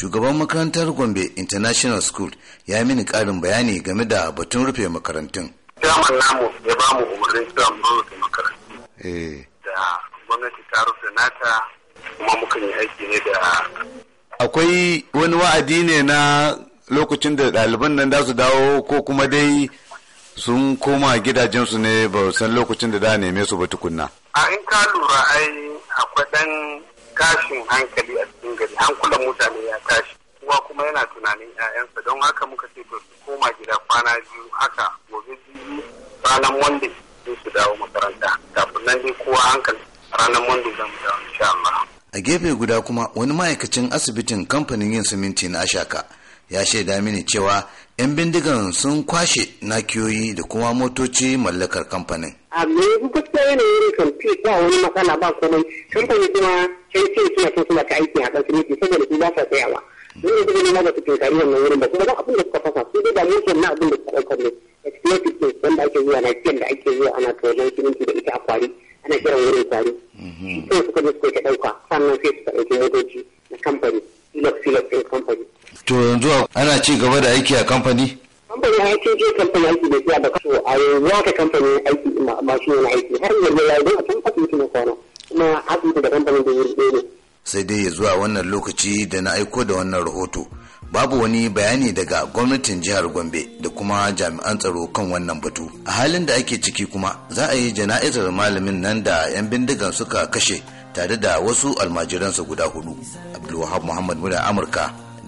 shugaban makarantar gombe international school ya mini karin bayani game da batun rufe makarantun daman namu ya ba mu umarnin cewa rufe makarantun, eh. da gwamnati ta rufe nata kuma muka yi aiki ne da akwai wani wa'adi ne na lokacin da ɗaliban nan za su dawo ko kuma dai sun koma gidajensu ne ba san lokacin da da neme su ba tukunna a in ka lura ai akwai ɗan tashin hankali a cikin gari hankulan mutane ya tashi kowa kuma yana tunanin 'ya'yansa don haka muka ce to su koma gida kwana biyu haka gobe biyu ranar wanda sai su dawo makaranta kafin nan dai kowa hankali ranar wanda zamu dawo insha Allah a gefe guda kuma wani ma'aikacin asibitin kamfanin yin siminti na ashaka ya shaida mini cewa 'yan bindigan sun kwashe nakiyoyi da kuma motoci mallakar kamfanin. a me yanzu gaskiya yanayi ne kan fi ba wani matsala ba komai kamfani kuma sai ce suna so suna ta aiki a kan siniti saboda su ba sa tsayawa don yanzu kuma ma za su tunkari wannan wurin ba kuma ba abin da suka fasa su dai ba mutum na abin da suka ɗaukar ne explosive ne wanda ake zuwa na da ake zuwa ana tsoron siminti da ita a kwari ana kiran wurin kwari. Mhm. sai suka je suka ɗauka sannan sai suka ɗauki motoci na kamfani to yanzu ana ci gaba da aiki a kamfani kamfanin aiki ce kamfanin aiki da biya da kaso a yanzu wata kamfanin aiki masu yana aiki har yanzu ya yi a can kasu na kwana kuma asibiti da kamfanin da yuri ne sai dai ya zuwa wannan lokaci da na aiko da wannan rahoto babu wani bayani daga gwamnatin jihar gombe da kuma jami'an tsaro kan wannan batu a halin da ake ciki kuma za a yi jana'izar malamin nan da 'yan bindigan suka kashe tare da wasu almajiransa guda hudu abdulwahab muhammad muna amurka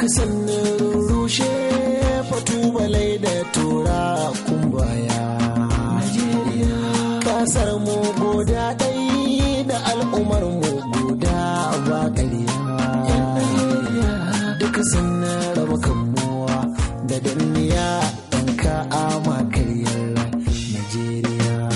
kasan rushe fatubalai da tura kumbaya kasar mu goda ɗai da al'ummar mu goda ba ƙarya duka sun